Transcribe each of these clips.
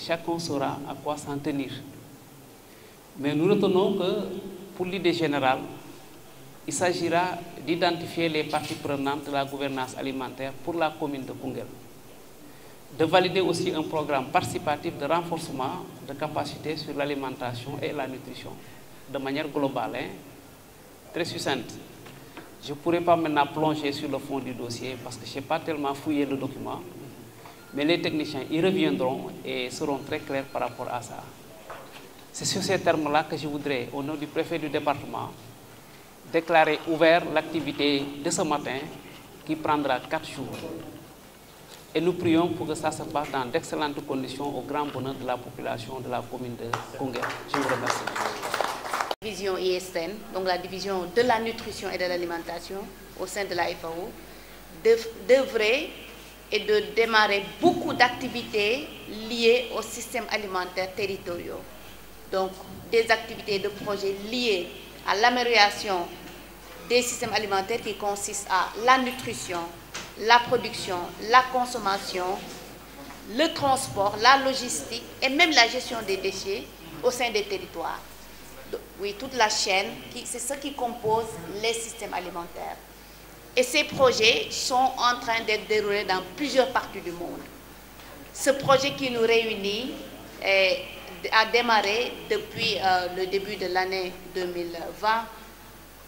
chacun saura à quoi s'en tenir. Mais nous retenons que pour l'idée générale, il s'agira d'identifier les parties prenantes de la gouvernance alimentaire pour la commune de Kungel, de valider aussi un programme participatif de renforcement de capacités sur l'alimentation et la nutrition, de manière globale, hein, très succincte. Je ne pourrais pas maintenant plonger sur le fond du dossier parce que je n'ai pas tellement fouillé le document. Mais les techniciens y reviendront et seront très clairs par rapport à ça. C'est sur ces termes-là que je voudrais, au nom du préfet du département, déclarer ouvert l'activité de ce matin qui prendra quatre jours. Et nous prions pour que ça se passe dans d'excellentes conditions au grand bonheur de la population de la commune de Kongué. Je vous remercie. La Division ISN, donc la division de la nutrition et de l'alimentation au sein de la FAO, devrait et de démarrer beaucoup d'activités liées aux systèmes alimentaires territoriaux. Donc, des activités de projets liés à l'amélioration des systèmes alimentaires qui consistent à la nutrition, la production, la consommation, le transport, la logistique et même la gestion des déchets au sein des territoires. Oui, toute la chaîne, c'est ce qui compose les systèmes alimentaires. Et ces projets sont en train d'être déroulés dans plusieurs parties du monde. Ce projet qui nous réunit eh, a démarré depuis euh, le début de l'année 2020.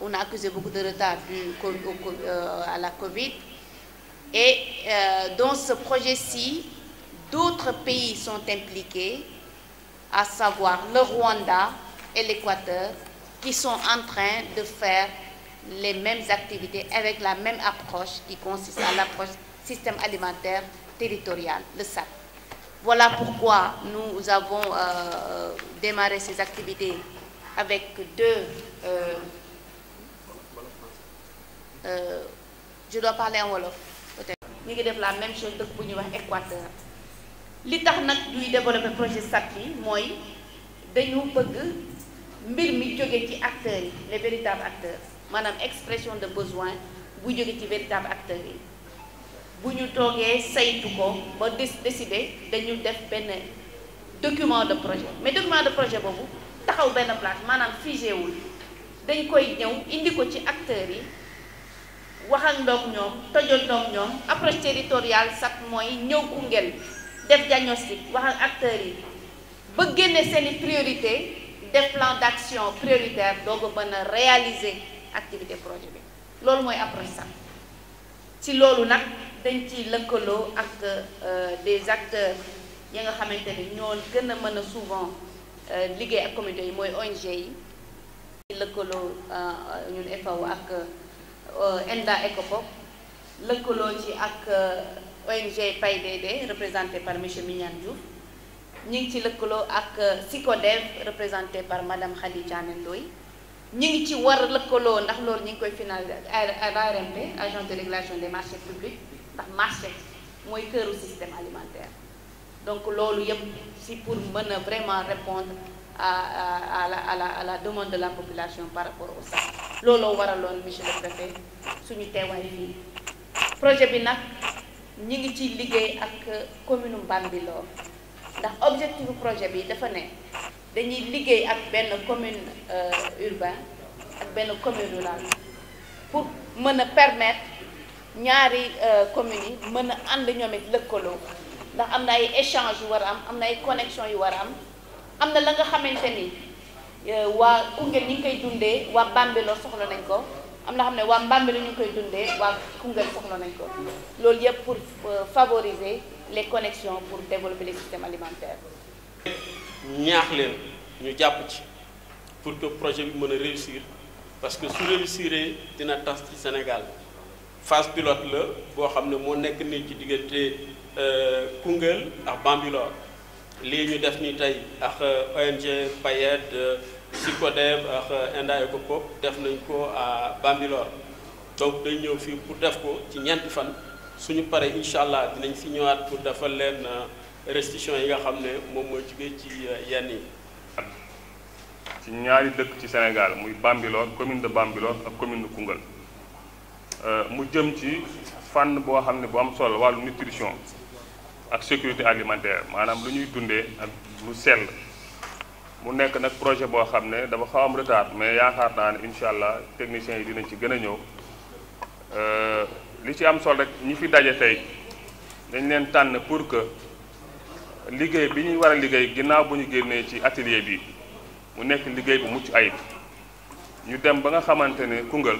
On a accusé beaucoup de retard euh, à la COVID. Et euh, dans ce projet-ci, d'autres pays sont impliqués, à savoir le Rwanda et l'Équateur, qui sont en train de faire les mêmes activités avec la même approche qui consiste à l'approche système alimentaire territorial, le SAP. Voilà pourquoi nous avons euh, démarré ces activités avec deux... Euh, euh, je dois parler en Wolof, peut-être. Nous avons fait la même chose pour l'Équateur. li tax n'ak a développé projet SAP yi moi dañu bëgg mbir mi jóge acteurs les véritables acteurs maanaam expression de besoin bu jóge ci véritable acteur yi bu ñu toogee saytu ko ba décider dañu def benn document de projet mais document de projet boobu taxaw benn place maanaam figé wul dañ koy ñëw indi ko ci acteur yi wax ak ndoog ñoom tojandoog ñoom approche territoriale sax mooy ñëw Koungheul def diagnostic wax ak yi ba génne seeni priorité def plan d'action prioritaire doog a mën a réaliser activité projet bi loolu mooy approche sax ci loolu nag dañ ci lëkkaloo ak euh, des acteurs yi nga xamante ni ñoo gën a mën a souvent euh, liggéey ak communauté yi mooy ONG yi ci lëkkaloo euh, ñun FAO ak ENDA ECOPOP lëkkaloo ci ak ONG PAIDD représenté par monsieur Mignane Diouf ñu ngi ci lëkkaloo ak SICODEV représenté par madame Khady Diané Ndoye Nous avons ci war ndax de régulation des marchés publics ndax marché mooy système alimentaire donc loolu pour vraiment répondre à la demande de la population par rapport au ça. looloo waraloon monsieur le préfet suñu teewaay Le projet bi nag ñi ngi commune objectif projet bi dafa dañuy liggéey ak benn commune euh, urbain ak benn commune rurale pour mën a permettre ñaari euh, communes yi mën a ànd ñoom it lëkkaloo ndax am na ay échange yu war a am am na ay connexion yu war a am am na la nga xamante ni euh, waa Koungheul ñu ngi koy dundee waa Bambilor soxla nañ ko am na xam ne waa Mbambila ñu ngi koy dundee waa Koungheul soxla nañ ko loolu yëpp pour favoriser les connexions pour développer les systèmes alimentaires ñaax leen ñu jàpp ci pour que projet bi mën a réussir parce que su réussiree dina tas ci Sénégal phase pilote la boo xam ne moo nekk nii ci diggante euh, Koungheul ak Bambilor lii ñu def ni tey ak euh, ONG Payet euh, Sikodem ak Enda Ecopop def nañ ko à Bambilor donc dañ ñëw fii pour def ko ci ñeenti fan suñu paree incha allah dinañ fi ñëwaat pour defal leen. restitution yi nga xam ne moom moo jógee ci euh, yenn yi. ci ñaari dëkk ci Sénégal muy Bambilor commune de Bambilor ak commune de Koungheul euh, mu jëm ci fànn boo xam ne bu am solo wàllu nutrition ak sécurité alimentaire maanaam lu ñuy dundee ak lu sell mu nekk nag projet boo xam ne dafa xaw am mais yaakaar naa ne incha allah techniciens yi dinañ ci gën a ñëw euh, li ci am solo rek ñi fi daje tey dañ leen tànn pour que. liggéey bi ñuy war liggéey ginnaaw bu ñu génnee ci atelier bi mu nekk liggéey bu mucc ayib ñu dem ba nga xamante ne Koungheul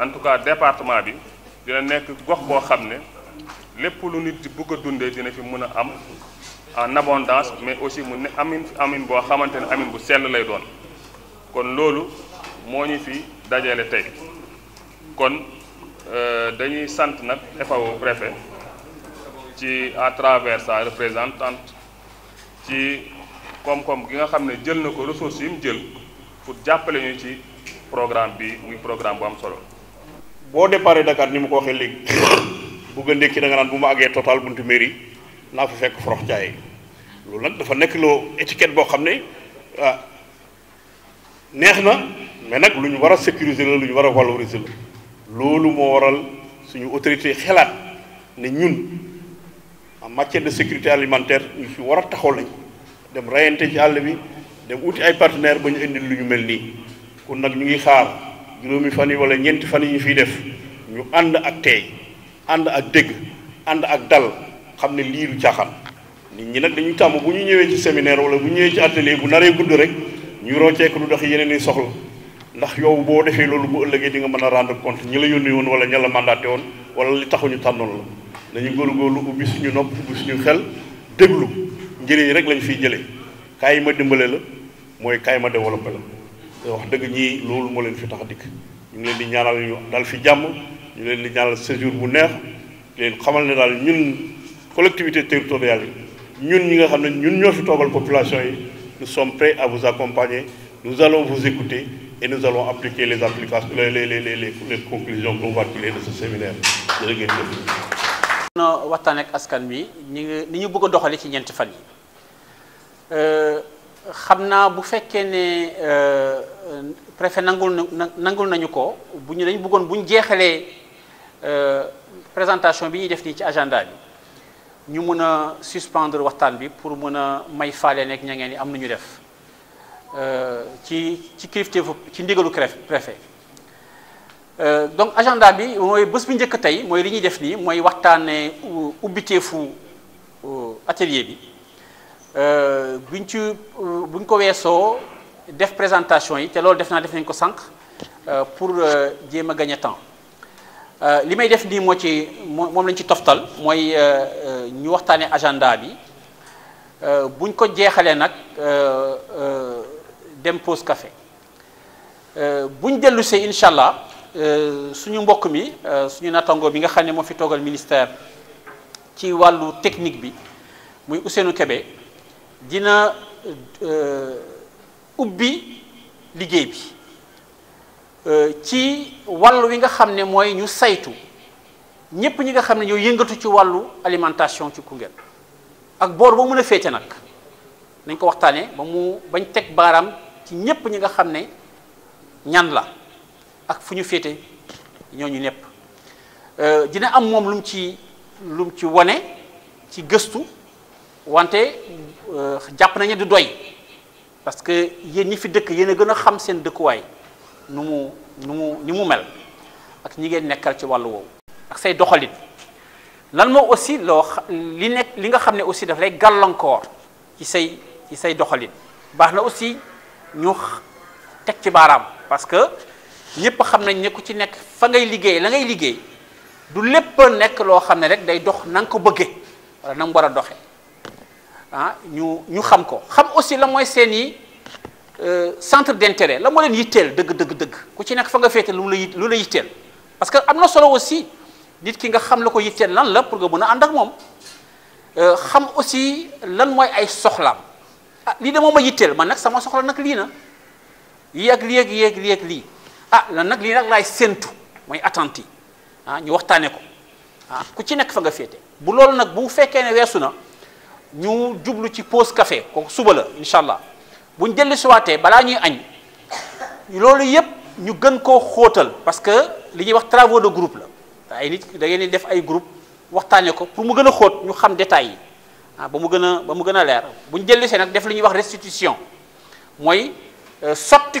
en tout cas département bi dina nekk gox boo xam ne lépp lu nit di bëgg a dundee dina fi mën a am en abondance mais aussi mu ne amin amin boo xamante ne amin bu sell lay doon kon loolu moo ñu fi dajale tey kon euh, dañuy sant nag FAO préfet ci à travers sa représentante ci koom-koom gi nga xam ne jël na ko ressources yi mu jël pour ñu ci programme bi muy programme bu am solo bo déparé Dakar ni mu ko waxee léegi bugg a ndékki da nga total buntu mairie na fa fekk forox jaay loolu nag dafa nekk loo étiquette boo xam ne ah neex na mais nag lu ñu sécuriser la lu valoriser waral suñu autorité ne ñun en matière de sécurité alimentaire ñu ci war a taxaw lañ dem rayante ci àll bi dem uti ay partenaire ba ñu indil lu ñu mel nii kon nag ñu ngi xaar juróomi fan yi wala ñeenti fan yi ñu fiy def ñu ànd ak tey ànd ak dégg ànd ak dal xam ne lii du caaxaan nit ñi nag dañuy tàmm bu ñu ñëwee ci séminaire wala bu ñëwee ci atelier bu naree gudd rek ñu rocceeku du dox yeneen i soxla ndax yow boo defee loolu bu ëllëgee di nga mën a rendre compte ñi la yónni woon wala ña la mandaté woon wala li taxuñu tànnoon la nañu góorgóorlu ubbi suñu nopp ubbi suñu xel déglu njëriñ rek lañ fiy jëlee kaay yi ma dimbale la mooy kaay ma développé la wax dëgg ñii loolu moo leen fi tax dikk ñu ngi leen di ñaanal ñu dal fi jàmm ñu leen di ñaanal séjour bu neex leen xamal ne daal ñun collectivité territoriale yi ñun ñi nga xam ne ñun ñoo fi toogal population yi nous sommes prêts à vous accompagner nous allons vous écouter et nous allons appliquer les applications les les les les conclusions qu'on va tirer de ce séminaire jërë ngeen no waxtaan ak askan bi ñi ni ñu bëgg a doxale ci ñeenti fan yi euh, xam naa bu fekkee ne euh, préfet nangul nangul nañu ko bu ñu dañu bëggoon bu ñu jeexalee euh, présentation bi ñuy def nii ci agenda bi ñu mën a suspendre waxtaan bi pour mun a may faale nekk ña ngeen ni am nañu def ci ci kilifteefu ci ndigalu préfet Euh, donc agenda bi moy bés bi ñëk tay moy li ñuy def à atelier bi euh, buñ ci euh, buñ ko je def présentation yi té lool def na def nañ ko pour gagner temps euh limay def ni mo ci mom lañ ci toftal moy ñu waxtane agenda bi buñ ko euh pause café buñ Euh, suñu mbokk mi euh, suñu nattango bi nga xam ne moo fi toogal ministère ci wàllu technique bi muy Ousseynou Kébé dina euh, ubbi liggéey bi ci wàll wi nga xam ne mooy ñu saytu ñépp ñi nga xam ne ñoo yëngatu ci wàllu alimentation ci Koungheul ak boor ba mën a féete nag nañ ko waxtaanee ba mu bañ teg baaraam ci ñépp ñi nga xam ne ñan la ak fu ñu féete ñooñu ñëpp euh, dina am moom lu mu ci lu ci wane ci gëstu wante euh, jàpp nañu du doy parce que yéen ñi fi dëkk yéen a gën a xam seen dëkkuwaay nu mu nu mu ni mu mel ak ñi ngeen nekkal ci wàllu woowu ak say doxalin lan moo aussi loo li nekk li nga xam ne aussi daf lay gàllankoor ci say ci say doxalin baax na aussi ñu teg ci baaraam parce ñëpp xam nañ ne ku ci nekk fa ngay liggéey la ngay liggéey du lépp nekk loo xam ne rek day dox na ko bëggee wala na mu war a doxe ah ñu ñu xam ko xam aussi la mooy seen i euh, centre d'intérêt la moo leen yitteel dëgg dëgg dëgg ku ci nekk nga féete lu la lu la yitteel parce que am na solo aussi nit ki nga xam la ko yitteel lan la nga mën ànd ak moom euh, xam aussi lan mooy ay soxlaam ah lii de moom a yitteel man nag sama soxla nag lii na yéeg lii ak lii ak lii ak lii ah lan nak li nak lay sentu moy attente ah ñu waxtane ko ah ku ci nek fa nga bu ñu ci pause café ko suba la inshallah buñ dellu siwaatee bala ñuy loolu yépp ñu gën parce que li ñuy travaux de groupe la ay nit da ngeen def ay groupe waxtane ko pour mu gën a ñu xam détails ah ba mu a ba mu restitution moy euh, sotti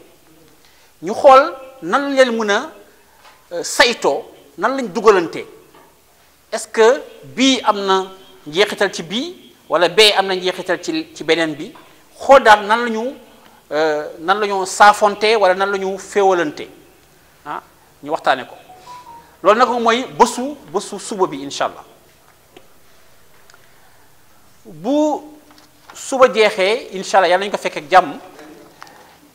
ñu xool nan leen mën a saytoo nan lañ dugalante est-ce que bii am na njeexital ci bii wala bee am na njeexital ci ci beneen bi xool daal nan la ñu nan la ñu saafonte wala nan la ñu féewalante ah ñu waxtaane ko loolu nag mooy bësu bësu suba bi incha allah bu suba jeexee incha allah yàlla nañu ko fekk ak jàmm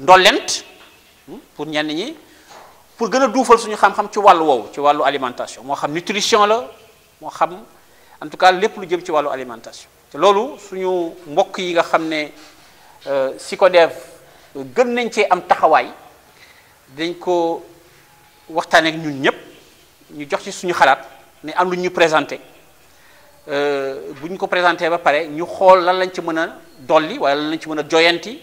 ndollent hmm, pour ñenn ñi pour gën a duufal suñu xam-xam ci wàllu woowu ci wàllu alimentation moo xam nutrition la moo xam en tout cas lépp lu jëm ci wàllu alimentation te loolu suñu mbokk yi nga xam ne euh, SYCODEV gën nañ cee am taxawaay dañ ko waxtaaneek ak ñun ñëpp ñu jox ci suñu xalaat ni am lu ñu présenté euh, bu ñu ko présenté ba pare ñu xool lan lañ ci mën a dolli wala lan lañ ci mën a joyanti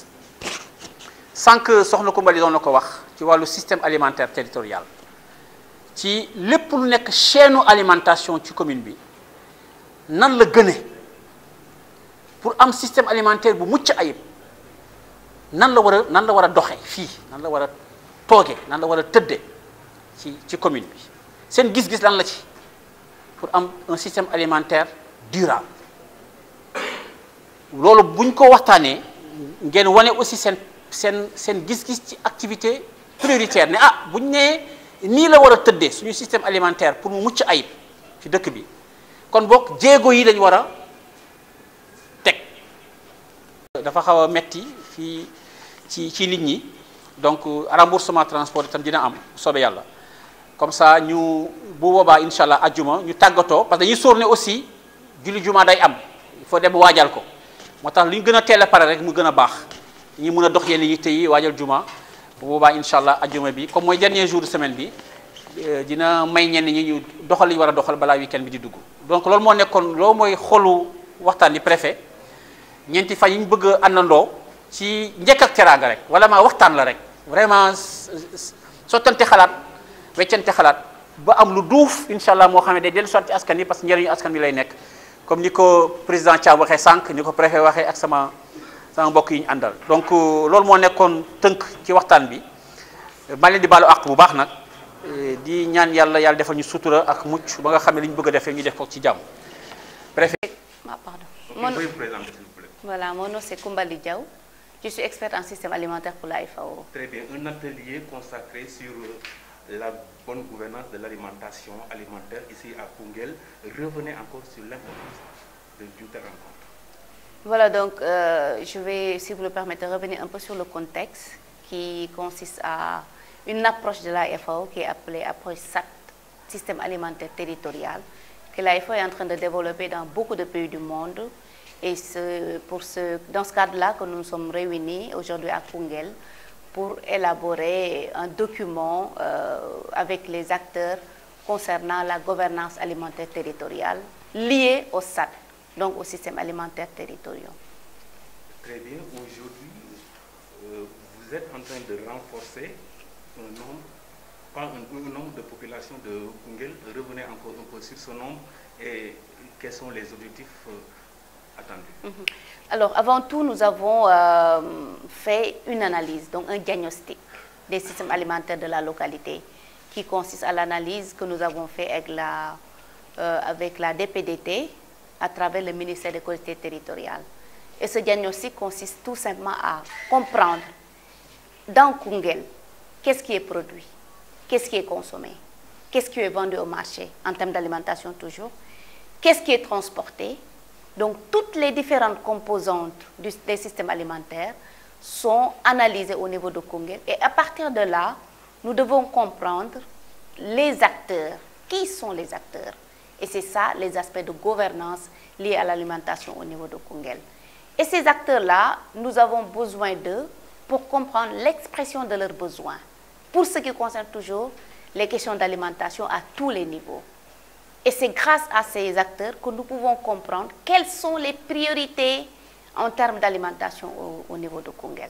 que soxna Koumba li doon na ko wax ci le système alimentaire territorial ci lépp lu nekk chaîne alimentation ci commune bi nan la gagner. pour am système alimentaire bu mucc ayib nan la wara nan la wara doxé fi nan la wara togué nan la wara teudé ci ci commune bi sen gis-gis lan la ci pour am un système alimentaire durable loolu buñ ko waxtané ngén woné aussi sen sen seen gis-gis ci activité prioritaire ne ah buñ né ni la wara teuddé suñu système alimentaire pour mu mucc ayib ci dëkk bi kon bok djégo yi dañ wara a dafa xawa metti fi ci ci nit ñi donc remboursement transport tam dina am sobe yalla comme ça ñu bu boobaa inshallah allah ajjuma ñu tagato parce que dañuy sóor aussi julli juma day am il faut dem waajal ko motax tax li ñu gën a teel rek mu gëna bax ñi mën a dox yenn yitte yi juma bu boobaa incha allah ajuma bi comme mooy dernier jour de semaine bi euh, dina may ñenn ñi ñu doxal li ñu war a doxal balaa weekend bi di dugg donc loolu moo nekkoon loolu mooy xolu waxtaan li préfet ñeenti fan yi ñu bëgg a ci njëkk ak teraanga rek wala ma waxtaan la rek vraiment sottante xalaat weccante ba am lu duuf incha allah moo xam ne day askan yi parce que askan bi lay nekk comme ni ko président Thiam waxee sànq ni préfet ak sama sama yi ñu donc euh, lool mo nekkoon teunk ci waxtan bi maa leen di balu ak bu baax nak euh, di ñaan yalla yalla defal ñu sutura ak mucc ba nga xamé ne bëgg a ñu def ko ci jamm préfet. ma ah, pardon voilà mon nom c'est Koumbali Diaw je suis expert en système alimentaire pour la FAO. très bien un atelier consacré sur euh, la bonne gouvernance de l'alimentation alimentaire ici à Punguel. revenez encore sur l'importance de cette rencontre. Voilà, donc euh, je vais, si vous le permettez, revenir un peu sur le contexte qui consiste à une approche de la FAO qui est appelée approche SAT, système alimentaire territorial, que la FAO est en train de développer dans beaucoup de pays du monde. Et c'est pour ce, dans ce cadre-là que nous nous sommes réunis aujourd'hui à Kungel pour élaborer un document euh, avec les acteurs concernant la gouvernance alimentaire territoriale liée au SAT donc au système alimentaire territorial. Très bien. Aujourd'hui, euh, vous êtes en train de renforcer un nombre, de populations de Kungel. Revenez encore un peu sur ce nombre et quels sont les objectifs euh, attendus mhm. Alors, avant tout, nous avons euh, fait une analyse, donc un diagnostic des systèmes alimentaires de la localité qui consiste à l'analyse que nous avons fait avec avec la DPDT, à travers le ministère des collectivités territoriales. Et ce diagnostic consiste tout simplement à comprendre dans Kungel qu'est-ce qui est produit, qu'est-ce qui est consommé, qu'est-ce qui est vendu au marché en termes d'alimentation toujours, qu'est-ce qui est transporté. Donc toutes les différentes composantes des systèmes alimentaires sont analysées au niveau de Kungel. Et à partir de là, nous devons comprendre les acteurs. Qui sont les acteurs et c'est ça les aspects de gouvernance liés à l'alimentation au niveau de Kungel. Et ces acteurs-là, nous avons besoin d'eux pour comprendre l'expression de leurs besoins. Pour ce qui concerne toujours les questions d'alimentation à tous les niveaux. Et c'est grâce à ces acteurs que nous pouvons comprendre quelles sont les priorités en termes d'alimentation au, niveau de Kungel.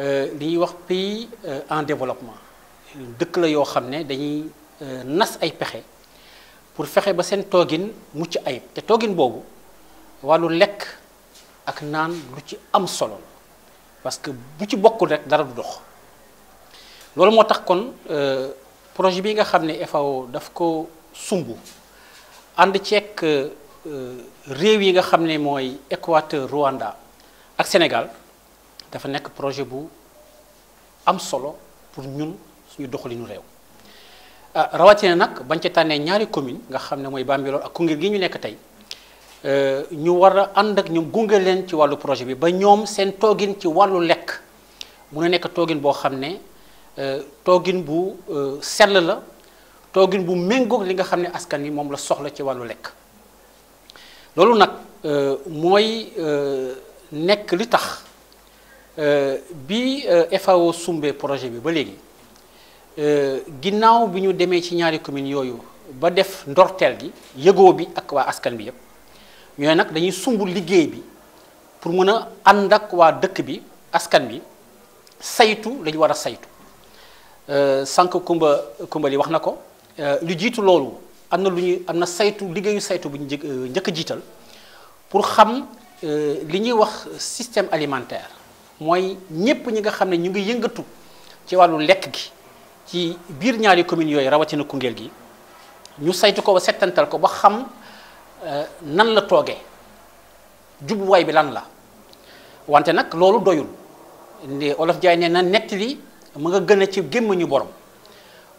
Euh, li ñuy wax pays euh, en développement dëkk la yoo xam ne dañuy euh, nas ay pexe pour fexe ba seen toogin mucc ay te toogin boobu wàllu lekk ak naan lu ci am solo la parce que bu ci bokkul rek dara du dox loolu moo tax kon projet bi nga xam ne FAO daf ko sumb ànd ceek réew yi nga xam ne mooy Équateur Rwanda ak Sénégal dafa nek projet bu am solo pour ñun suñu doxalinu réew rawatina nak bañ ci tané ñaari commune nga xamné moy mooy Bambilor ak kungir gi ñu nek tay euh ñu wara ànd ak ñom gunge len ci walu projet bi ba ñom sen togin ci walu lek mu a nekk toogin boo xam ne toogin bu sel la togin bu méngoog li nga xamné askan yi mom la soxla ci walu lek lolu nak euh moy euh nek li tax Euh, bi euh, FAO sumbee projet bi ba léegi euh, ginnaaw bi ñu demee ci ñaari communes yooyu ba def ndorteel gi yëgoo bi ak waa askan bi yëpp ñooy nag dañuy sumb liggéey bi pour mën a ànd ak waa dëkk bi askan bi saytu lañu war a saytu sànq Kumba Kumba li wax na ko lu jiitu loolu am na lu ñuy am na saytu liggéeyu saytu bu ñu njëkk jiital pour xam li ñuy wax système alimentaire mooy ñëpp ñi nga xam ne ñu ngi yëngatu ci wàllu lekk gi ci biir ñaari communes yooyu rawatina Koungheul gi ñu saytu ko ba settantal ko ba xam euh, nan la toogee jubluwaay bi lan la wante nag loolu doyul ne olof Njaay na nett li mu nga gën a ci gémmiñu borom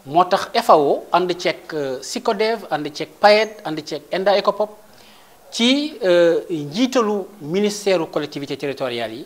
moo tax FAO ànd ceeg euh, SICODEV ànd ceeg PAED ànd ceeg ENDA ECOPOP ci euh, njiitalu ministère collectivité territoriale yi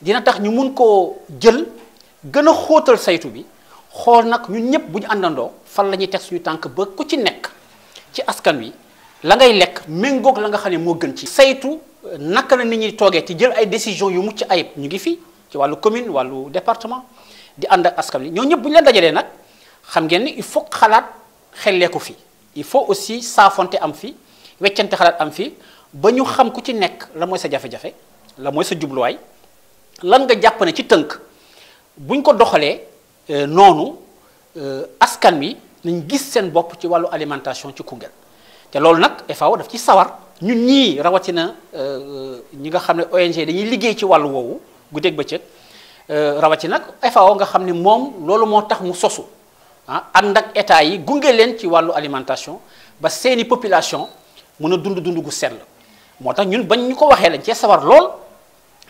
dina tax ñu mun koo jël gën a xóotal saytu bi xool nag ñu ñëpp bu ñu àndandoo fan la ñuy teg suñu tànk ba ku ci nekk ci askan wi la ngay lekk méngoog la nga xam ne moo gën ci. saytu euh, naka la nit ñi toogee ci jël ay décision yu mucc ayib ñu ngi fi ci wàllu commune wàllu département di ànd ak askan wi ñoo ñëpp bu ñu leen dajalee nag xam ngeen ni il faut xalaat ko fi il faut aussi saafonte am fi weccante xalaat am fi ba ñu xam ku ci nekk la mooy sa jafe la mooy sa jubluwaay. lan nga jàpp ne ci tënk buñ ko doxalee euh, noonu euh, askan wi nañ gis seen bopp ci wàllu alimentation ci Koungheul te loolu nag FAO daf ci sawar ñun ñii rawatina euh, ñi nga xam ne ONG dañuy liggéey ci wàllu woowu guddeeg bëccëg rawatina nag FAO nga xam ne moom loolu moo tax mu sosu ah ànd ak état yi gunge leen ci wàllu alimentation ba seeni population mun a dund dund gu la moo tax ñun bañ ñu ko waxee lañ cee sawar lool.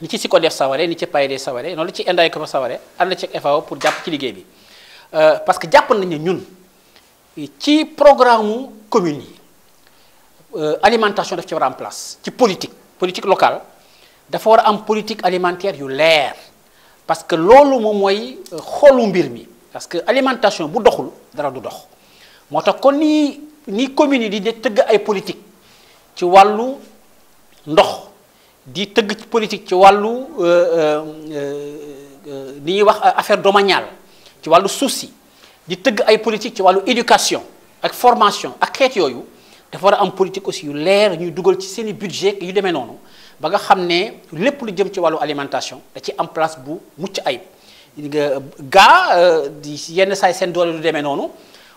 ni ci def saware ni ci PAYDE saware noonu li ci enday ko fa saware ci FAO pour japp ci liguey bi euh, parce que japp nañu ñun ci programme commune euh alimentation daf ci wara am place ci politique politique locale dafa wara am politique alimentaire yu leer parce que lolu mo moy euh, xolu mbir mi parce que alimentation bu doxul dara du dox motax tax kon ni nii communes di teug ay politique ci walu ndox di teug ci politique ci wàllu euh, euh, euh ñuy wax affaire domaniale ci walu souci di teug ay politique ci walu éducation ak formation ak xeet yoyu dafa wara am politique aussi yu leer ñu duggal ci seen budget yu demee nonu ba nga xam ne lépp lu jëm ci walu alimentation da ci am place bu mucc ayib ga euh, di yenn say seen doole du demee nonu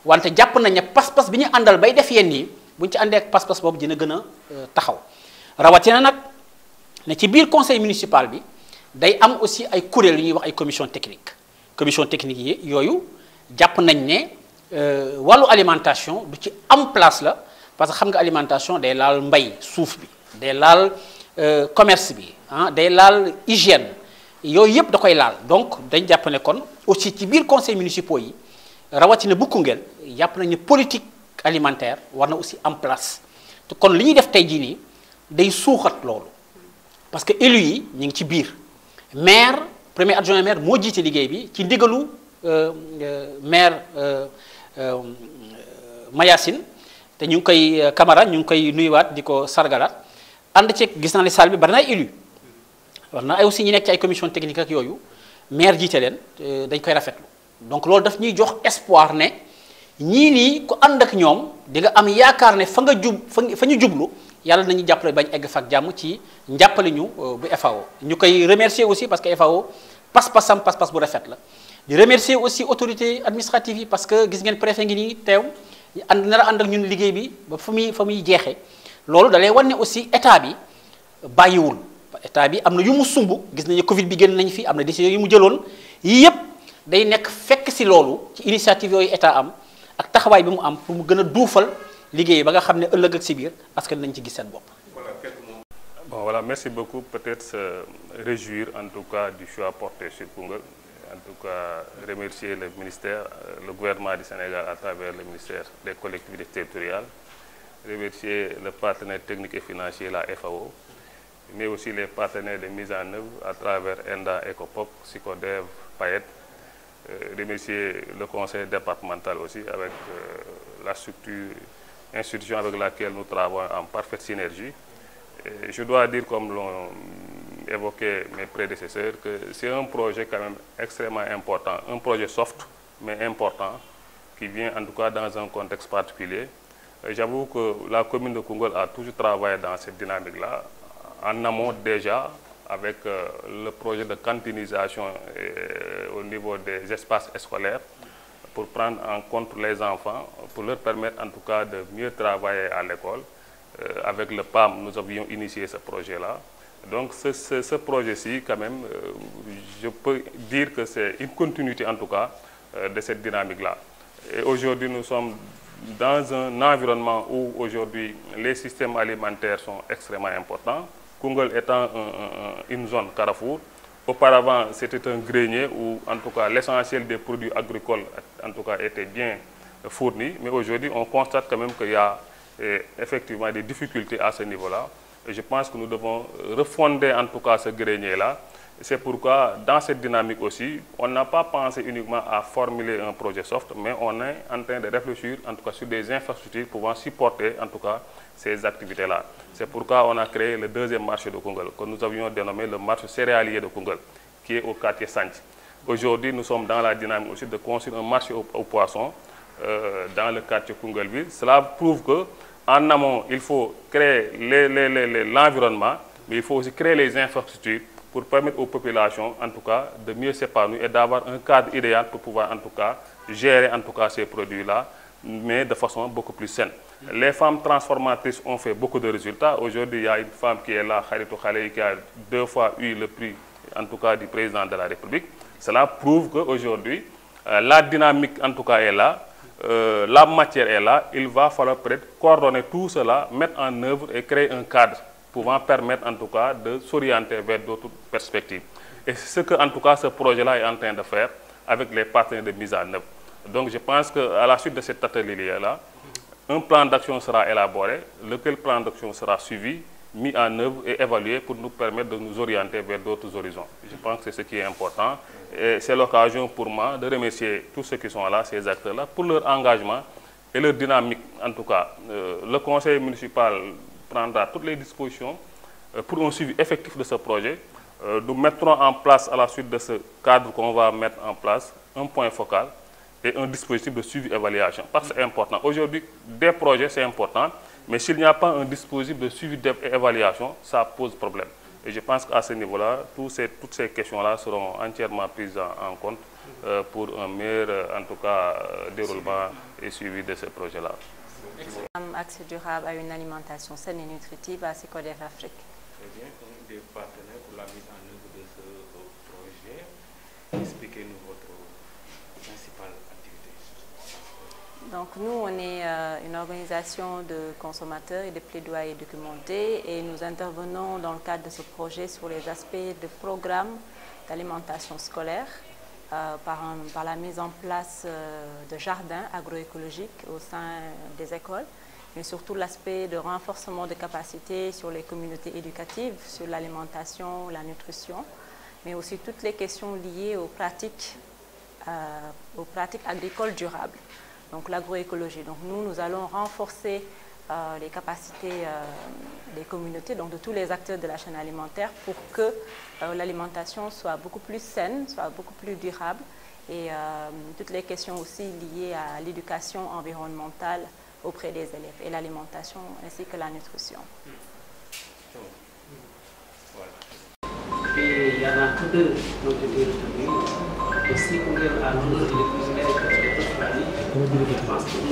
wante japp nañ ne pas-pas bi ñu andal bay def yenn yi ci àndee ak pas-pas bobu dina gën a taxaw rawatina nak ne ci biir conseil municipal bi day am aussi ay kuréel yu ñuy wax ay commission technique commission technique yi yooyu jàpp nañ ne euh, wàllu alimentation du ci am place la parce que xam nga alimentation day laal mbay suuf bi euh, commerce bi l'hygiène, ah, day laal hygiène yooyu yëpp da koy laal donc dañ jàpp kon aussi ci biir conseil Municipal, yi rawatina bu Koungheul jàpp nañ politique alimentaire war aussi en place Donc, kon li ñuy def tey jii nii day parce que élu ñi ngi ci biir maire premier adjoint maire moo jiite liggéey bi ci ndigalu euh, euh, maire euh, Mayacine te ñu ngi koy Camara ñu ngi koy nuyuwaat di ko sargalaat ànd ci gis naa ne salle bi bari na ay élu war na ay aussi ñi nekk ci ay commission technique ak yooyu maire jiite leen dañ koy rafetlu donc loolu daf ñuy jox espoir ne ñii nii ku ànd ak ñoom di nga am yaakaar ne fa nga jub fa ñu jublu yàlla nañu jàppale bañ egg fak jàmm ci njàppale ñu euh, bu FAO ñu koy remercier aussi parce que FAO pas-pasam pas-pas bu rafet la di remercier aussi autorité administrative yi parce que gis ngeen préfet ngi nii teew and nar a ñun liggéey bi ba fu muy fa muy jeexee loolu da lay wan ne aussi état bi bàyyiwul état bi am yu mu sumb gis nañu covid bi génn nañ fi am na décision yu mu jëloon yii yëpp day nekk fekk si loolu ci initiative yooyu état am ak taxawaay bi mu am pour mu gën a duufal bon voilà merci beaucoup peut-être se euh, réjouir en tout cas du choix porté sur Congo, en tout cas remercier le ministère euh, le gouvernement du Sénégal à travers le ministère des collectivités territoriales remercier le partenaire technique et financier la FAO mais aussi les partenaires de mise en œuvre à travers ENDA ECOPOP Psychodev Payet, euh, remercier le conseil départemental aussi avec la structure institution avec laquelle nous travaillons en parfaite synergie. je dois dire, comme l'ont évoqué mes prédécesseurs, que c'est un projet quand même extrêmement important, un projet soft, mais important, qui vient en tout cas dans un contexte particulier. J'avoue que la commune de Congo a toujours travaillé dans cette dynamique-là, en amont déjà, avec euh, le projet de cantinisation euh, au niveau des espaces scolaires pour prendre en compte les enfants, pour leur permettre en tout cas de mieux travailler à l'école. Euh, avec le PAM, nous avions initié ce projet-là. Donc ce, ce, projet-ci, quand même, euh, je peux dire que c'est une continuité en tout cas euh, de cette dynamique-là. Et aujourd'hui, nous sommes dans un environnement où aujourd'hui les systèmes alimentaires sont extrêmement importants. Kungol étant une zone carrefour, Auparavant, c'était un grenier où, en tout cas, l'essentiel des produits agricoles, en tout cas, était bien fourni. Mais aujourd'hui, on constate quand même qu'il y a eh, effectivement des difficultés à ce niveau-là. Et je pense que nous devons refonder, en tout cas, ce grenier-là. C'est pourquoi, dans cette dynamique aussi, on n'a pas pensé uniquement à formuler un projet soft, mais on est en train de réfléchir, en tout cas, sur des infrastructures pouvant supporter, en tout cas, ces activités-là. C'est pourquoi on a créé le deuxième marché de Kungal, que nous avions dénommé le marché céréalier de Kungal, qui est au quartier Santi. Aujourd'hui, nous sommes dans la dynamique aussi de construire un marché au poisson euh, dans le quartier Kungalville. Cela prouve que en amont, il faut créer l'environnement, mais il faut aussi créer les infrastructures pour permettre aux populations, en tout cas, de mieux s'épanouir et d'avoir un cadre idéal pour pouvoir, en tout cas, gérer en tout cas ces produits-là, mais de façon beaucoup plus saine. Les femmes transformatrices ont fait beaucoup de résultats. Aujourd'hui, il y a une femme qui est là, Kharitou Khalei, qui a deux fois eu le prix, en tout cas du président de la République. Cela prouve qu'aujourd'hui, aujourd'hui, euh, la dynamique, en tout cas, est là. Euh, la matière est là. Il va falloir peut coordonner tout cela, mettre en œuvre et créer un cadre pouvant permettre, en tout cas, de s'orienter vers d'autres perspectives. Et c'est ce que, en tout cas, ce projet-là est en train de faire avec les partenaires de mise en œuvre. Donc, je pense qu'à la suite de cet atelier-là, un plan d'action sera élaboré, lequel plan d'action sera suivi, mis en œuvre et évalué pour nous permettre de nous orienter vers d'autres horizons. Je pense que c'est ce qui est important. Et c'est l'occasion pour moi de remercier tous ceux qui sont là, ces acteurs-là, pour leur engagement et leur dynamique. En tout cas, euh, le conseil municipal prendra toutes les dispositions euh, pour un suivi effectif de ce projet. Euh, nous mettrons en place, à la suite de ce cadre qu'on va mettre en place, un point focal et un dispositif de suivi-évaluation. et Parce que c'est important. Aujourd'hui, des projets, c'est important, mais s'il n'y a pas un dispositif de suivi et évaluation, ça pose problème. Et je pense qu'à ce niveau-là, toutes ces, toutes ces questions-là seront entièrement prises en, compte euh, pour un meilleur, euh, en tout cas, euh, déroulement et suivi de ces projets-là. Accès durable à une alimentation saine et nutritive à collègues Afrique. Très bien, Donc nous, on est euh, une organisation de consommateurs et de plaidoyers documentés et nous intervenons dans le cadre de ce projet sur les aspects de programmes d'alimentation scolaire euh, par, la mise en place euh, de jardins agroécologiques au sein des écoles, mais surtout l'aspect de renforcement des capacités sur les communautés éducatives, sur l'alimentation, la nutrition, mais aussi toutes les questions liées aux aux pratiques agricoles durables donc l'agroécologie. Donc nous, nous allons renforcer euh, les capacités euh, des communautés, donc de tous les acteurs de la chaîne alimentaire, pour que euh, l'alimentation soit beaucoup plus saine, soit beaucoup plus durable. Et toutes les questions aussi liées à l'éducation environnementale auprès des élèves, et l'alimentation ainsi que la nutrition. il Dalam bahasa Arab, sini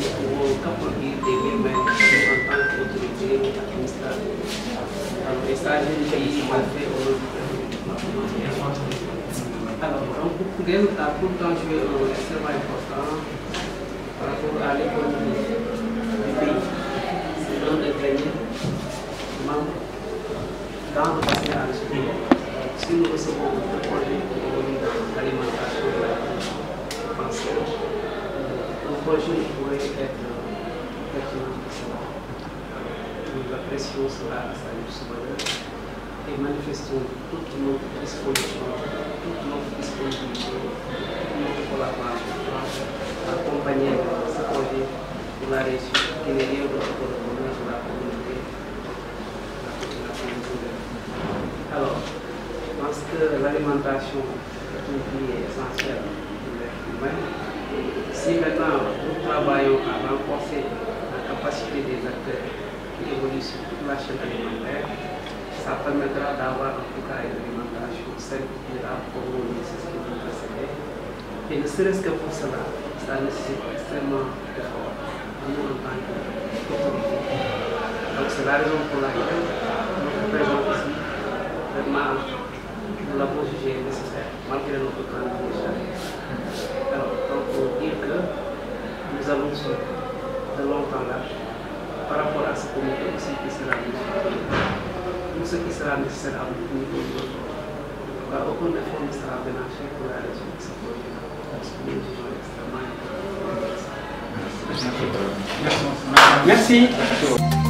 semua orang orang kalimatan. projet pourrait être pertinent pour cela. Nous apprécions cela à sa juste valeur et manifestons toute notre disposition, toute notre disponibilité, toute notre collaboration pour accompagner ce projet pour la région, qui n'est rien d'autre que le bonheur de la communauté, de la communauté. Alors, je pense que l'alimentation est une vie essentielle pour l'être humain. Si maintenant nous travaillons à renforcer la capacité des acteurs qui évoluent sur toute la chaîne alimentaire, ça permettra d'avoir en tout cas une alimentation et durable, pour nous, Et ne serait-ce que pour cela, ça nécessite extrêmement d'efforts, nous en tant qu'autorité. Donc c'est la raison pour laquelle nous présentons ici, vraiment, nous l'avons jugé nécessaire, malgré notre de Alors, pour dire que nous avançons de longtemps là par rapport à ce que nous devons aussi qui sera Tout ce qui sera nécessaire à vous, nous devons Aucun effort ne sera bénéfique pour la raison de ce projet parce que nous sommes extrêmement Merci Merci. Merci.